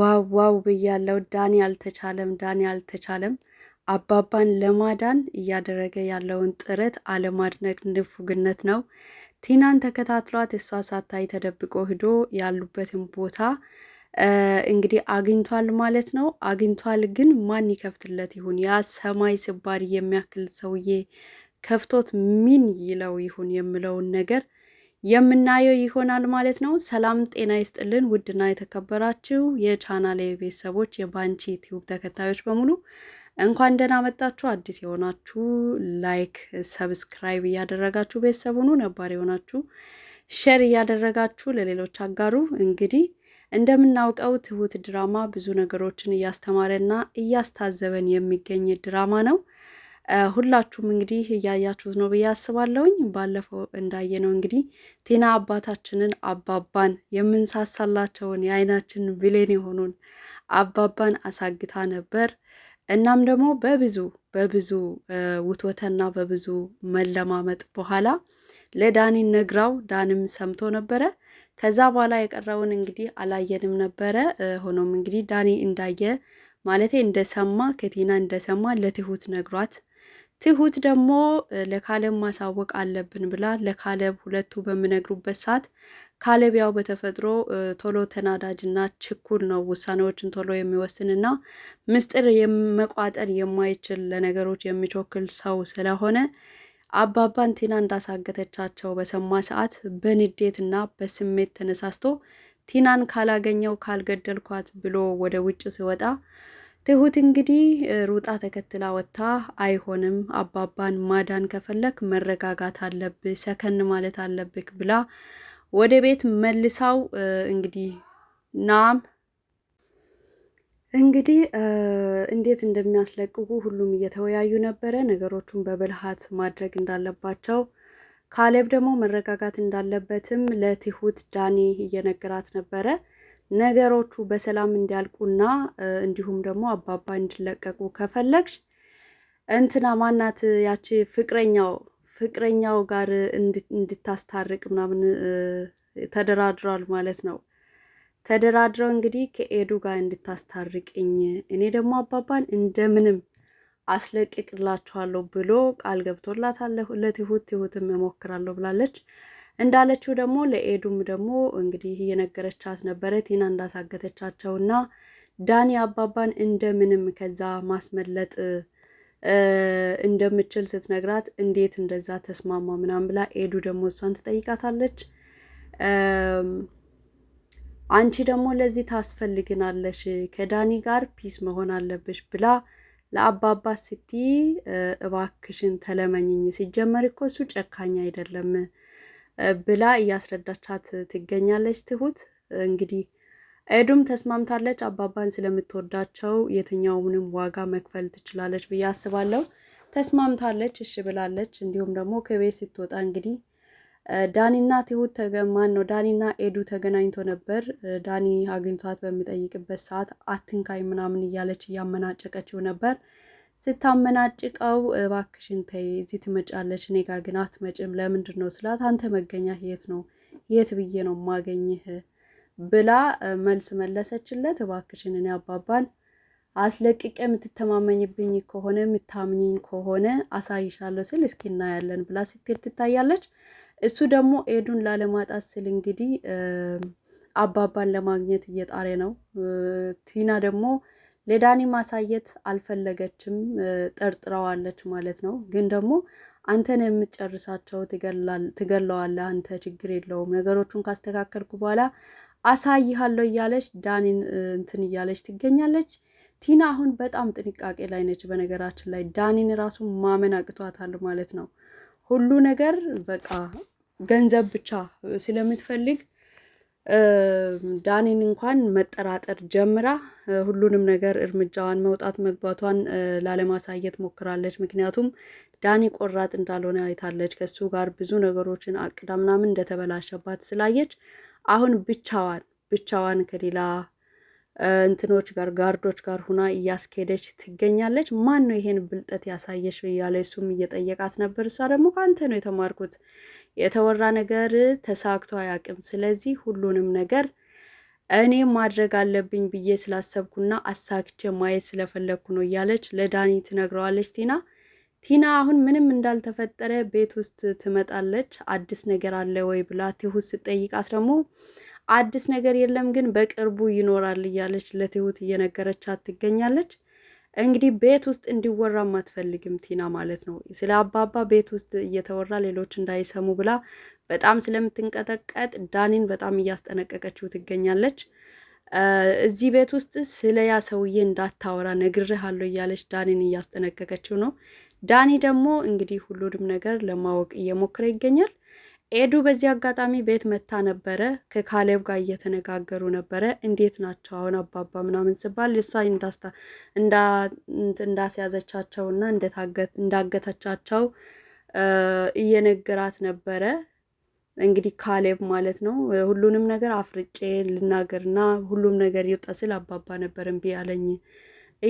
ዋው ዋው ብያለው። ዳኒ አልተቻለም፣ ዳኒ አልተቻለም። አባባን ለማዳን እያደረገ ያለውን ጥረት አለማድነቅ ንፉግነት ነው። ቲናን ተከታትሏት እሷ ሳታይ ተደብቆ ሂዶ ያሉበትን ቦታ እንግዲህ አግኝቷል ማለት ነው። አግኝቷል ግን ማን ይከፍትለት ይሁን? ያ ሰማይ ስባሪ የሚያክል ሰውዬ ከፍቶት ምን ይለው ይሁን የምለውን ነገር የምናየው ይሆናል ማለት ነው። ሰላም ጤና ይስጥልን ውድና የተከበራችሁ የቻናሌ ቤተሰቦች የባንቺ ዩቲዩብ ተከታዮች በሙሉ እንኳን ደህና መጣችሁ። አዲስ የሆናችሁ ላይክ፣ ሰብስክራይብ እያደረጋችሁ ቤተሰብ ሁኑ። ነባር የሆናችሁ ሼር እያደረጋችሁ ለሌሎች አጋሩ። እንግዲህ እንደምናውቀው ትሁት ድራማ ብዙ ነገሮችን እያስተማረና እያስታዘበን የሚገኝ ድራማ ነው። ሁላችሁም እንግዲህ እያያችሁት ነው ብዬ አስባለሁኝ። ባለፈው እንዳየነው እንግዲህ ቲና አባታችንን አባባን የምንሳሳላቸውን የአይናችን ብሌን የሆኑን አባባን አሳግታ ነበር። እናም ደግሞ በብዙ በብዙ ውትወተና በብዙ መለማመጥ በኋላ ለዳኒ ነግራው ዳንም ሰምቶ ነበረ። ከዛ በኋላ የቀረውን እንግዲህ አላየንም ነበረ። ሆኖም እንግዲህ ዳኒ እንዳየ ማለቴ እንደሰማ ከቲና እንደሰማ ለትሁት ነግሯት ትሁት ደግሞ ለካለብ ማሳወቅ አለብን ብላ ለካለብ ሁለቱ በሚነግሩበት ሰዓት ካለብ ያው በተፈጥሮ ቶሎ ተናዳጅና ችኩል ነው። ውሳኔዎችን ቶሎ የሚወስንና ምስጢር መቋጠር የማይችል ለነገሮች የሚቾክል ሰው ስለሆነ አባባን ቲና እንዳሳገተቻቸው በሰማ ሰዓት በንዴትና በስሜት ተነሳስቶ ቲናን ካላገኘው ካልገደልኳት ብሎ ወደ ውጭ ሲወጣ ትሁት እንግዲህ ሩጣ ተከትላ ወጥታ አይሆንም አባባን ማዳን ከፈለክ መረጋጋት አለብህ፣ ሰከን ማለት አለብህ ብላ ወደ ቤት መልሳው እንግዲህ ናም እንግዲህ እንዴት እንደሚያስለቅቁ ሁሉም እየተወያዩ ነበረ። ነገሮቹን በብልሃት ማድረግ እንዳለባቸው ካሌብ ደግሞ መረጋጋት እንዳለበትም ለትሁት ዳኒ እየነገራት ነበረ። ነገሮቹ በሰላም እንዲያልቁና እንዲሁም ደግሞ አባባ እንዲለቀቁ ከፈለግሽ እንትና ማናት ያቺ ፍቅረኛው ፍቅረኛው ጋር እንድታስታርቅ ምናምን ተደራድሯል ማለት ነው። ተደራድረው እንግዲህ ከኤዱ ጋር እንድታስታርቅኝ እኔ ደግሞ አባባን እንደምንም አስለቅቅላችኋለሁ ብሎ ቃል ገብቶላታል። ለትሁት ትሁትም እሞክራለሁ ብላለች። እንዳለችው ደግሞ ለኤዱም ደግሞ እንግዲህ እየነገረቻት ነበረ ቲና እንዳሳገተቻቸውና ዳኒ አባባን እንደምንም ከዛ ማስመለጥ እንደምችል ስትነግራት እንዴት እንደዛ ተስማማ ምናምን ብላ ኤዱ ደግሞ እሷን ትጠይቃታለች። አንቺ ደግሞ ለዚህ ታስፈልግናለሽ ከዳኒ ጋር ፒስ መሆን አለብሽ ብላ ለአባባ ስቲ እባክሽን ተለመኝኝ። ሲጀመር እኮ እሱ ጨካኝ አይደለም ብላ እያስረዳቻት ትገኛለች። ትሁት እንግዲህ ኤዱም ተስማምታለች። አባባን ስለምትወዳቸው የትኛውንም ዋጋ መክፈል ትችላለች ብዬ አስባለሁ። ተስማምታለች፣ እሺ ብላለች። እንዲሁም ደግሞ ከቤት ስትወጣ እንግዲህ ዳኒና ትሁት ተገማን ነው ዳኒና ኤዱ ተገናኝቶ ነበር። ዳኒ አግኝቷት በሚጠይቅበት ሰዓት አትንካይ ምናምን እያለች እያመናጨቀችው ነበር። ስታመናጭቀው እባክሽን ተይ እዚህ ትመጫለች፣ እኔ ጋ ግን አትመጭም ለምንድን ነው ስላት፣ አንተ መገኛ የት ነው የት ብዬ ነው ማገኝህ ብላ መልስ መለሰችለት። እባክሽን እኔ አባባን አስለቅቄ የምትተማመኝብኝ ከሆነ የምታምኝኝ ከሆነ አሳይሻለሁ ስል እስኪ እናያለን ብላ ስትል ትታያለች። እሱ ደግሞ ኤዱን ላለማጣት ስል እንግዲህ አባባን ለማግኘት እየጣረ ነው። ቲና ደግሞ ለዳኒ ማሳየት አልፈለገችም፣ ጠርጥረዋለች ማለት ነው። ግን ደግሞ አንተን የምትጨርሳቸው ትገለዋለህ፣ አንተ ችግር የለውም ነገሮቹን ካስተካከልኩ በኋላ አሳይሃለሁ እያለች ዳኒን እንትን እያለች ትገኛለች። ቲና አሁን በጣም ጥንቃቄ ላይ ነች። በነገራችን ላይ ዳኒን ራሱ ማመን አቅቷታል ማለት ነው። ሁሉ ነገር በቃ ገንዘብ ብቻ ስለምትፈልግ ዳኒን እንኳን መጠራጠር ጀምራ ሁሉንም ነገር እርምጃዋን መውጣት መግባቷን ላለማሳየት ሞክራለች። ምክንያቱም ዳኒ ቆራጥ እንዳልሆነ አይታለች። ከሱ ጋር ብዙ ነገሮችን አቅዳ ምናምን እንደተበላሸባት ስላየች አሁን ብቻዋን ብቻዋን ከሌላ እንትኖች ጋር ጋርዶች ጋር ሁና እያስኬደች ትገኛለች። ማን ነው ይሄን ብልጠት ያሳየሽ እያለ እሱም እየጠየቃት ነበር። እሷ ደግሞ ከአንተ ነው የተማርኩት፣ የተወራ ነገር ተሳክቶ አያውቅም። ስለዚህ ሁሉንም ነገር እኔ ማድረግ አለብኝ ብዬ ስላሰብኩና አሳክቼ ማየት ስለፈለግኩ ነው እያለች ለዳኒ ትነግረዋለች ቲና ቲና አሁን ምንም እንዳልተፈጠረ ቤት ውስጥ ትመጣለች። አዲስ ነገር አለ ወይ ብላ ትሁት ስጠይቃት ደግሞ አዲስ ነገር የለም ግን በቅርቡ ይኖራል እያለች ለትሁት እየነገረቻት ትገኛለች። እንግዲህ ቤት ውስጥ እንዲወራም አትፈልግም ቲና ማለት ነው። ስለ አባባ ቤት ውስጥ እየተወራ ሌሎች እንዳይሰሙ ብላ በጣም ስለምትንቀጠቀጥ ዳኒን በጣም እያስጠነቀቀችው ትገኛለች። እዚህ ቤት ውስጥ ስለ ያ ሰውዬ እንዳታወራ ነግሬሃለሁ እያለች ዳኒን እያስጠነቀቀችው ነው። ዳኒ ደግሞ እንግዲህ ሁሉንም ነገር ለማወቅ እየሞከረ ይገኛል። ኤዱ በዚህ አጋጣሚ ቤት መታ ነበረ። ከካሌብ ጋር እየተነጋገሩ ነበረ። እንዴት ናቸው አሁን አባባ ምናምን ስባል እሷ እንዳስያዘቻቸውና እንዳገተቻቸው እየነገራት ነበረ። እንግዲህ ካሌብ ማለት ነው ሁሉንም ነገር አፍርጬ ልናገርና ሁሉም ነገር ይውጣ ስል አባባ ነበር እምቢ ያለኝ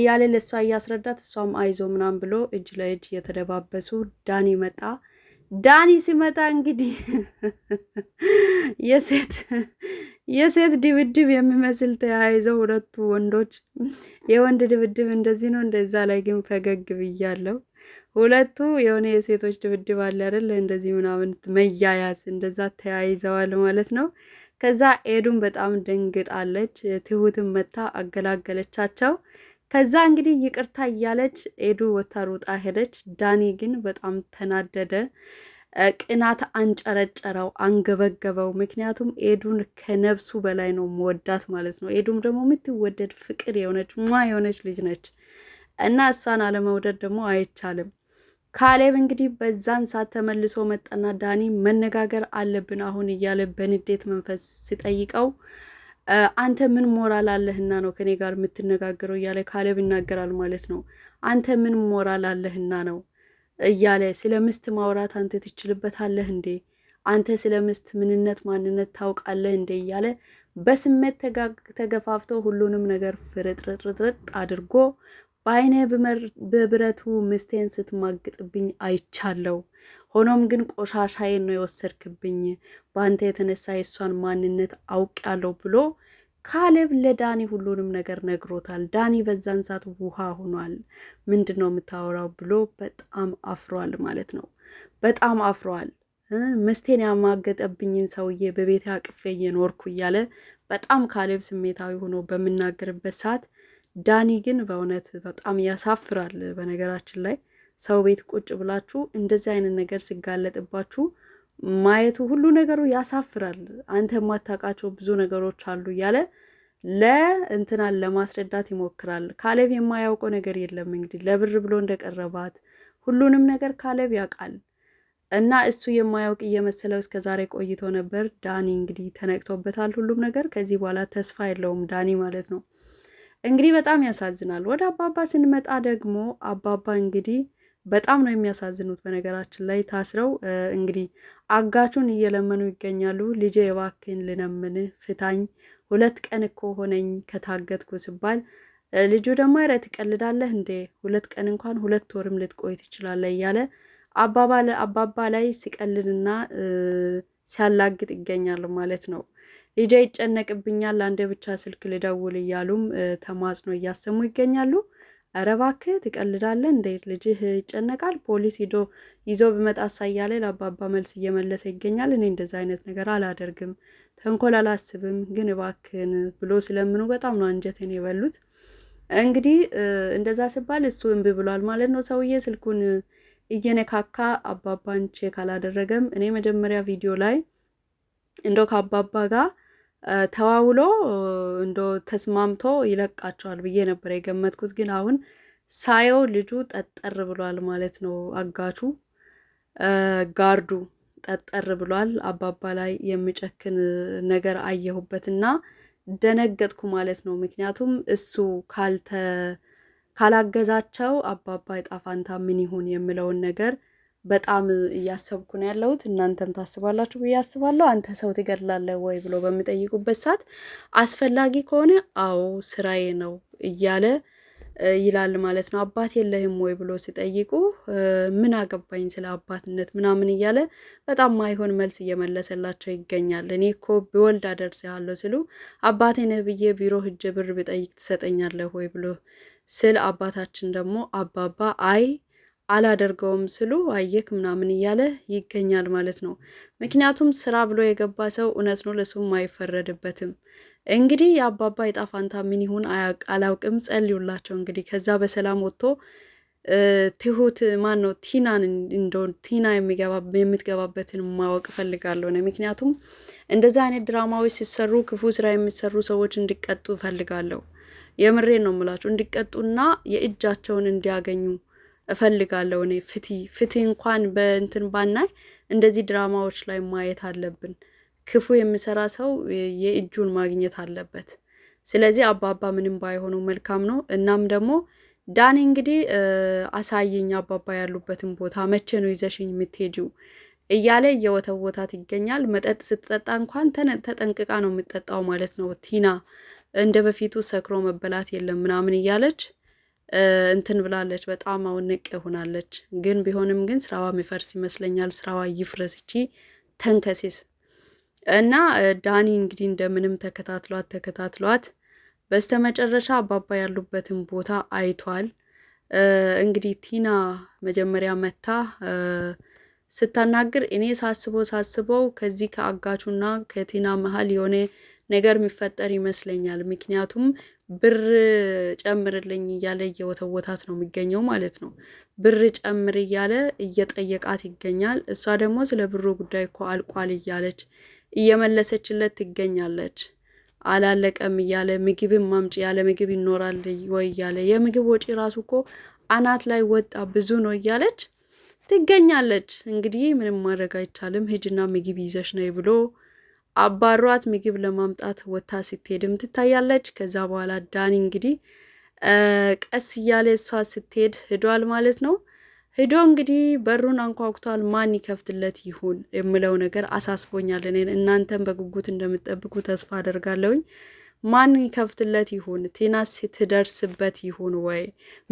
እያለ ለእሷ እያስረዳት እሷም አይዞ ምናምን ብሎ እጅ ለእጅ እየተደባበሱ ዳኒ መጣ። ዳኒ ሲመጣ እንግዲህ የሴት የሴት ድብድብ የሚመስል ተያይዘው ሁለቱ ወንዶች የወንድ ድብድብ እንደዚህ ነው እንደዛ። ላይ ግን ፈገግ ብያለሁ። ሁለቱ የሆነ የሴቶች ድብድብ አለ አይደል? እንደዚህ ምናምን መያያዝ እንደዛ ተያይዘዋል ማለት ነው። ከዛ ኤዱን በጣም ደንግጣለች። ትሁትን መታ አገላገለቻቸው። ከዛ እንግዲህ ይቅርታ እያለች ኤዱ ወታሩጣ ሄደች። ዳኒ ግን በጣም ተናደደ። ቅናት አንጨረጨረው፣ አንገበገበው። ምክንያቱም ኤዱን ከነብሱ በላይ ነው መወዳት ማለት ነው። ኤዱም ደግሞ የምትወደድ ፍቅር የሆነች ሟ የሆነች ልጅ ነች እና እሷን አለመውደድ ደግሞ አይቻልም። ካሌብ እንግዲህ በዛን ሰዓት ተመልሶ መጣና ዳኒ መነጋገር አለብን አሁን እያለ በንዴት መንፈስ ሲጠይቀው አንተ ምን ሞራል አለህና ነው ከኔ ጋር የምትነጋገረው እያለ ካለብ ይናገራል ማለት ነው። አንተ ምን ሞራል አለህና ነው እያለ ስለ ምስት ማውራት አንተ ትችልበታለህ እንዴ? አንተ ስለ ምስት ምንነት ማንነት ታውቃለህ እንዴ? እያለ በስሜት ተገፋፍቶ ሁሉንም ነገር ፍርጥርጥርጥ አድርጎ በአይነ በብረቱ ምስቴን ስትማግጥብኝ አይቻለው። ሆኖም ግን ቆሻሻዬን ነው የወሰድክብኝ፣ በአንተ የተነሳ የእሷን ማንነት አውቄያለሁ ብሎ ካሌብ ለዳኒ ሁሉንም ነገር ነግሮታል። ዳኒ በዛን ሰዓት ውሃ ሆኗል። ምንድን ነው የምታወራው ብሎ በጣም አፍሯል ማለት ነው። በጣም አፍሯል። ምስቴን ያማገጠብኝን ሰውዬ በቤት አቅፌ እየኖርኩ እያለ በጣም ካሌብ ስሜታዊ ሆኖ በምናገርበት ሰዓት ዳኒ ግን በእውነት በጣም ያሳፍራል። በነገራችን ላይ ሰው ቤት ቁጭ ብላችሁ እንደዚህ አይነት ነገር ሲጋለጥባችሁ ማየቱ ሁሉ ነገሩ ያሳፍራል። አንተ የማታውቃቸው ብዙ ነገሮች አሉ እያለ ለእንትናን ለማስረዳት ይሞክራል። ካሌብ የማያውቀው ነገር የለም። እንግዲህ ለብር ብሎ እንደቀረባት ሁሉንም ነገር ካሌብ ያውቃል። እና እሱ የማያውቅ እየመሰለው እስከ ዛሬ ቆይቶ ነበር። ዳኒ እንግዲህ ተነቅቶበታል ሁሉም ነገር። ከዚህ በኋላ ተስፋ የለውም ዳኒ ማለት ነው። እንግዲህ በጣም ያሳዝናል። ወደ አባባ ስንመጣ ደግሞ አባባ እንግዲህ በጣም ነው የሚያሳዝኑት። በነገራችን ላይ ታስረው እንግዲህ አጋቹን እየለመኑ ይገኛሉ። ልጄ የባክን ልነምንህ ፍታኝ፣ ሁለት ቀን እኮ ሆነኝ ከታገትኩ ሲባል ልጁ ደግሞ ኧረ ትቀልዳለህ እንዴ ሁለት ቀን እንኳን ሁለት ወርም ልትቆይ ትችላለህ እያለ አባባ ላይ ሲቀልድና ሲያላግጥ ይገኛል ማለት ነው። ልጄ ይጨነቅብኛል፣ አንድ ብቻ ስልክ ልደውል እያሉም ተማጽኖ እያሰሙ ይገኛሉ። ኧረ እባክህ ትቀልዳለህ እንዴት ልጅህ ይጨነቃል? ፖሊስ ሂዶ ይዞ ብመጣ ሳያለ ለአባባ መልስ እየመለሰ ይገኛል። እኔ እንደዛ አይነት ነገር አላደርግም፣ ተንኮል አላስብም፣ ግን እባክህን ብሎ ስለምኑ በጣም ነው አንጀቴን የበሉት። እንግዲህ እንደዛ ሲባል እሱ እምቢ ብሏል ማለት ነው። ሰውዬ ስልኩን እየነካካ አባባን ቼክ አላደረገም። እኔ መጀመሪያ ቪዲዮ ላይ እንደው ከአባባ ጋር ተዋውሎ እንዶ ተስማምቶ ይለቃቸዋል ብዬ ነበር የገመትኩት። ግን አሁን ሳየው ልጁ ጠጠር ብሏል ማለት ነው። አጋቹ ጋርዱ ጠጠር ብሏል። አባባ ላይ የሚጨክን ነገር አየሁበትና ደነገጥኩ ማለት ነው። ምክንያቱም እሱ ካልተ ካላገዛቸው አባባ ጣፋንታ ምን ይሁን የምለውን ነገር በጣም እያሰብኩ ነው ያለሁት። እናንተም ታስባላችሁ ብዬ አስባለሁ። አንተ ሰው ትገድላለህ ወይ ብሎ በሚጠይቁበት ሰዓት አስፈላጊ ከሆነ አዎ ስራዬ ነው እያለ ይላል ማለት ነው። አባት የለህም ወይ ብሎ ሲጠይቁ ምን አገባኝ ስለ አባትነት ምናምን እያለ በጣም ማይሆን መልስ እየመለሰላቸው ይገኛል። እኔ እኮ ብወልድ አደርስሃለሁ ሲሉ አባቴ ነህ ብዬ ቢሮ ሂጄ ብር ብጠይቅ ትሰጠኛለህ ወይ ብሎ ስል አባታችን ደግሞ አባባ አይ አላደርገውም ስሉ አየክ ምናምን እያለ ይገኛል ማለት ነው። ምክንያቱም ስራ ብሎ የገባ ሰው እውነት ነው ለሱም አይፈረድበትም። እንግዲህ የአባባ ዕጣ ፋንታ ምን ይሁን አላውቅም። ጸልዩላቸው እንግዲህ ከዛ በሰላም ወጥቶ ትሁት ማን ነው ቲናን እንደሆን ቲና የምትገባበትን ማወቅ እፈልጋለሁ ነው። ምክንያቱም እንደዛ አይነት ድራማዎች ሲሰሩ ክፉ ስራ የሚሰሩ ሰዎች እንዲቀጡ እፈልጋለሁ። የምሬን ነው የምላችሁ እንዲቀጡና የእጃቸውን እንዲያገኙ እፈልጋለሁ እኔ ፍቲ ፍቲ እንኳን በእንትን ባናይ እንደዚህ ድራማዎች ላይ ማየት አለብን። ክፉ የሚሰራ ሰው የእጁን ማግኘት አለበት። ስለዚህ አባባ ምንም ባይሆነው መልካም ነው። እናም ደግሞ ዳኒ እንግዲህ አሳየኝ አባባ ያሉበትን ቦታ መቼ ነው ይዘሽኝ የምትሄጂው እያለ ቦታት ይገኛል። መጠጥ ስትጠጣ እንኳን ተጠንቅቃ ነው የምትጠጣው ማለት ነው ቲና። እንደ በፊቱ ሰክሮ መበላት የለም ምናምን እያለች እንትን ብላለች። በጣም ንቅ ሆናለች። ግን ቢሆንም ግን ስራዋ የሚፈርስ ይመስለኛል። ስራዋ ይፍረስ እቺ ተንከሴስ እና ዳኒ እንግዲህ እንደምንም ተከታትሏት ተከታትሏት በስተመጨረሻ አባባ ያሉበትን ቦታ አይቷል። እንግዲህ ቲና መጀመሪያ መታ ስታናግር እኔ ሳስበው ሳስበው ከዚህ ከአጋቹና ከቲና መሀል የሆነ ነገር የሚፈጠር ይመስለኛል። ምክንያቱም ብር ጨምርልኝ እያለ እየወተወታት ነው የሚገኘው ማለት ነው። ብር ጨምር እያለ እየጠየቃት ይገኛል። እሷ ደግሞ ስለ ብሩ ጉዳይ እኮ አልቋል እያለች እየመለሰችለት ትገኛለች። አላለቀም እያለ ምግብም ማምጭ ያለ ምግብ ይኖራል ወይ እያለ የምግብ ወጪ ራሱ እኮ አናት ላይ ወጣ ብዙ ነው እያለች ትገኛለች። እንግዲህ ምንም ማድረግ አይቻልም። ሂጂና ምግብ ይዘሽ ነይ ብሎ አባሯት ምግብ ለማምጣት ወታ ስትሄድም ትታያለች። ከዛ በኋላ ዳኒ እንግዲህ ቀስ እያለ እሷ ስትሄድ ሂዷል ማለት ነው። ሂዶ እንግዲህ በሩን አንኳኩቷል። ማን ይከፍትለት ይሁን የምለው ነገር አሳስቦኛል። እኔ እናንተን በጉጉት እንደምጠብቁ ተስፋ አደርጋለሁኝ። ማን ይከፍትለት ይሁን? ቲናስ ትደርስበት ይሁን ወይ?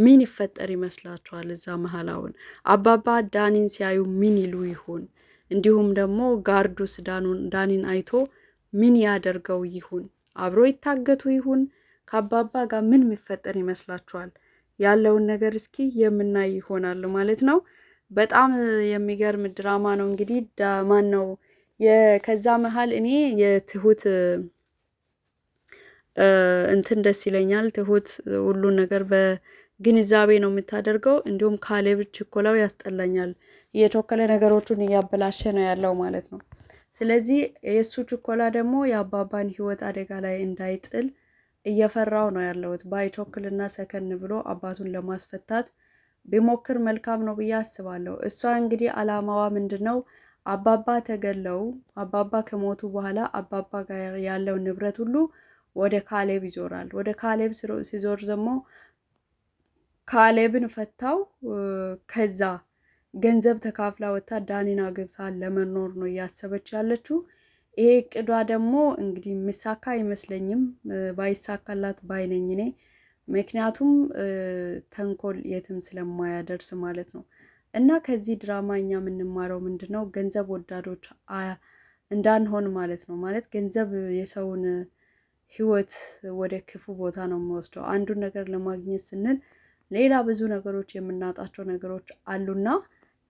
ምን ይፈጠር ይመስላችኋል? እዛ መሀል አሁን አባባ ዳኒን ሲያዩ ምን ይሉ ይሁን? እንዲሁም ደግሞ ጋርዱስ ዳኒን አይቶ ምን ያደርገው ይሁን? አብሮ ይታገቱ ይሁን? ከአባባ ጋር ምን የሚፈጠር ይመስላችኋል? ያለውን ነገር እስኪ የምናይ ይሆናል ማለት ነው። በጣም የሚገርም ድራማ ነው። እንግዲህ ማን ነው ከዛ መሀል እኔ የትሁት እንትን ደስ ይለኛል። ትሁት ሁሉን ነገር በግንዛቤ ነው የምታደርገው። እንዲሁም ካሌብ ችኮላው ያስጠላኛል። እየቸኮለ ነገሮቹን እያበላሸ ነው ያለው ማለት ነው። ስለዚህ የእሱ ችኮላ ደግሞ የአባባን ህይወት አደጋ ላይ እንዳይጥል እየፈራው ነው ያለውት። ባይቾክልና ሰከን ብሎ አባቱን ለማስፈታት ቢሞክር መልካም ነው ብዬ አስባለሁ። እሷ እንግዲህ አላማዋ ምንድን ነው? አባባ ተገለው አባባ ከሞቱ በኋላ አባባ ጋር ያለው ንብረት ሁሉ ወደ ካሌብ ይዞራል። ወደ ካሌብ ሲዞር ደግሞ ካሌብን ፈታው ከዛ ገንዘብ ተካፍላ ወጥታ ዳኒን አግብታ ለመኖር ነው እያሰበች ያለችው። ይሄ እቅዷ ደግሞ እንግዲህ የሚሳካ አይመስለኝም። ባይሳካላት ባይነኝ እኔ ምክንያቱም ተንኮል የትም ስለማያደርስ ማለት ነው። እና ከዚህ ድራማ እኛ የምንማረው ምንድን ነው? ገንዘብ ወዳዶች እንዳንሆን ማለት ነው። ማለት ገንዘብ የሰውን ህይወት ወደ ክፉ ቦታ ነው የሚወስደው። አንዱን ነገር ለማግኘት ስንል ሌላ ብዙ ነገሮች የምናጣቸው ነገሮች አሉና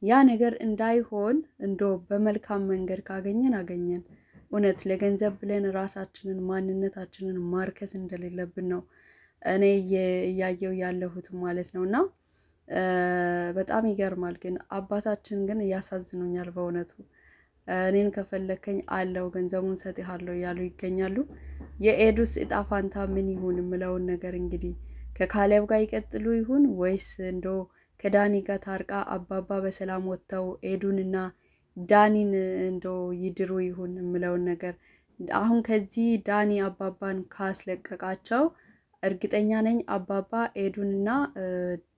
ያ ነገር እንዳይሆን እንዶ በመልካም መንገድ ካገኘን አገኘን። እውነት ለገንዘብ ብለን ራሳችንን ማንነታችንን ማርከስ እንደሌለብን ነው እኔ እያየው ያለሁት ማለት ነው። እና በጣም ይገርማል። ግን አባታችን ግን እያሳዝኑኛል በእውነቱ እኔን ከፈለከኝ አለው ገንዘቡን ሰጥሃለሁ እያሉ ይገኛሉ። የኤዱስ እጣ ፋንታ ምን ይሁን የምለውን ነገር እንግዲህ ከካሌብ ጋር ይቀጥሉ ይሁን ወይስ እንዶ ከዳኒ ጋር ታርቃ አባባ በሰላም ወጥተው ኤዱንና ዳኒን እንደው ይድሩ ይሁን የምለውን ነገር አሁን ከዚህ ዳኒ አባባን ካስለቀቃቸው እርግጠኛ ነኝ አባባ ኤዱንና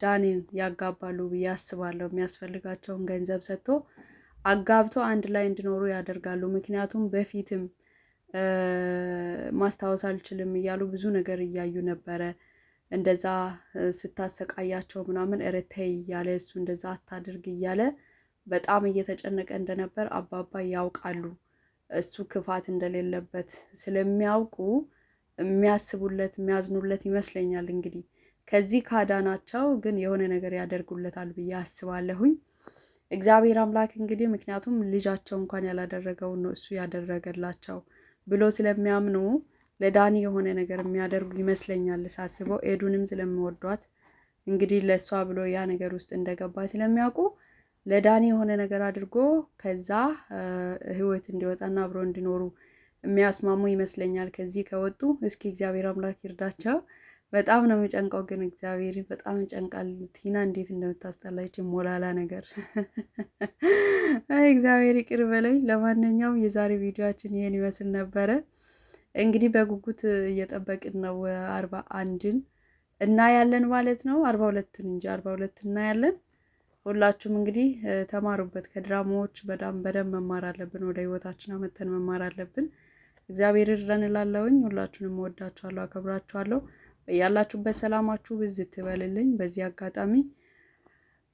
ዳኒን ያጋባሉ ብዬ አስባለሁ። የሚያስፈልጋቸውን ገንዘብ ሰጥቶ አጋብቶ አንድ ላይ እንዲኖሩ ያደርጋሉ። ምክንያቱም በፊትም ማስታወስ አልችልም እያሉ ብዙ ነገር እያዩ ነበረ። እንደዛ ስታሰቃያቸው ምናምን እረተይ እያለ እሱ እንደዛ አታድርግ እያለ በጣም እየተጨነቀ እንደነበር አባባ ያውቃሉ። እሱ ክፋት እንደሌለበት ስለሚያውቁ የሚያስቡለት የሚያዝኑለት ይመስለኛል። እንግዲህ ከዚህ ካዳናቸው ግን የሆነ ነገር ያደርጉለታል ብዬ አስባለሁኝ። እግዚአብሔር አምላክ እንግዲህ ምክንያቱም ልጃቸው እንኳን ያላደረገውን ነው እሱ ያደረገላቸው ብሎ ስለሚያምኑ ለዳኒ የሆነ ነገር የሚያደርጉ ይመስለኛል ሳስበው። ኤዱንም ስለምወዷት እንግዲህ ለእሷ ብሎ ያ ነገር ውስጥ እንደገባ ስለሚያውቁ ለዳኒ የሆነ ነገር አድርጎ ከዛ ህይወት እንዲወጣና አብሮ እንዲኖሩ የሚያስማሙ ይመስለኛል። ከዚህ ከወጡ እስኪ እግዚአብሔር አምላክ ይርዳቸው። በጣም ነው የሚጨንቀው፣ ግን እግዚአብሔር በጣም ይጨንቃል። ቲና እንዴት እንደምታስጠላች ሞላላ ነገር። እግዚአብሔር ይቅር በለኝ። ለማንኛውም የዛሬ ቪዲዮችን ይህን ይመስል ነበረ። እንግዲህ በጉጉት እየጠበቅን ነው አርባ አንድን እናያለን ማለት ነው። አርባ ሁለትን እንጂ አርባ ሁለት እናያለን። ሁላችሁም እንግዲህ ተማሩበት። ከድራማዎች በጣም በደንብ መማር አለብን። ወደ ህይወታችን አመተን መማር አለብን። እግዚአብሔር ይርዳን እላለሁኝ። ሁላችሁንም ወዳችኋለሁ፣ አከብራችኋለሁ። ያላችሁበት ሰላማችሁ ብዝት ትበልልኝ። በዚህ አጋጣሚ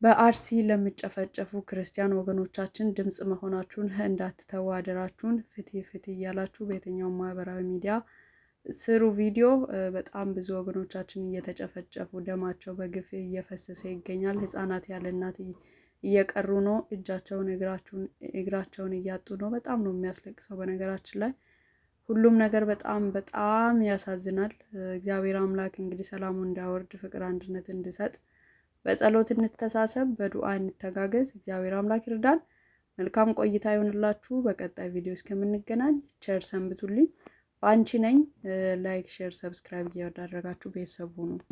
በአርሲ ለሚጨፈጨፉ ክርስቲያን ወገኖቻችን ድምፅ መሆናችሁን እንዳትተዋደራችሁን አደራችሁን። ፍትህ ፍትህ እያላችሁ በየትኛውም ማህበራዊ ሚዲያ ስሩ ቪዲዮ። በጣም ብዙ ወገኖቻችን እየተጨፈጨፉ ደማቸው በግፍ እየፈሰሰ ይገኛል። ህጻናት ያለ እናት እየቀሩ ነው። እጃቸውን እግራቸውን እያጡ ነው። በጣም ነው የሚያስለቅሰው። በነገራችን ላይ ሁሉም ነገር በጣም በጣም ያሳዝናል። እግዚአብሔር አምላክ እንግዲህ ሰላሙ እንዳወርድ ፍቅር አንድነት እንዲሰጥ በጸሎት እንተሳሰብ፣ በዱዓ እንተጋገዝ። እግዚአብሔር አምላክ ይርዳን። መልካም ቆይታ ይሆንላችሁ። በቀጣይ ቪዲዮ እስከምንገናኝ ቸር ሰንብቱልኝ። በአንቺ ነኝ። ላይክ፣ ሼር፣ ሰብስክራይብ እያደረጋችሁ ቤተሰቡ ነው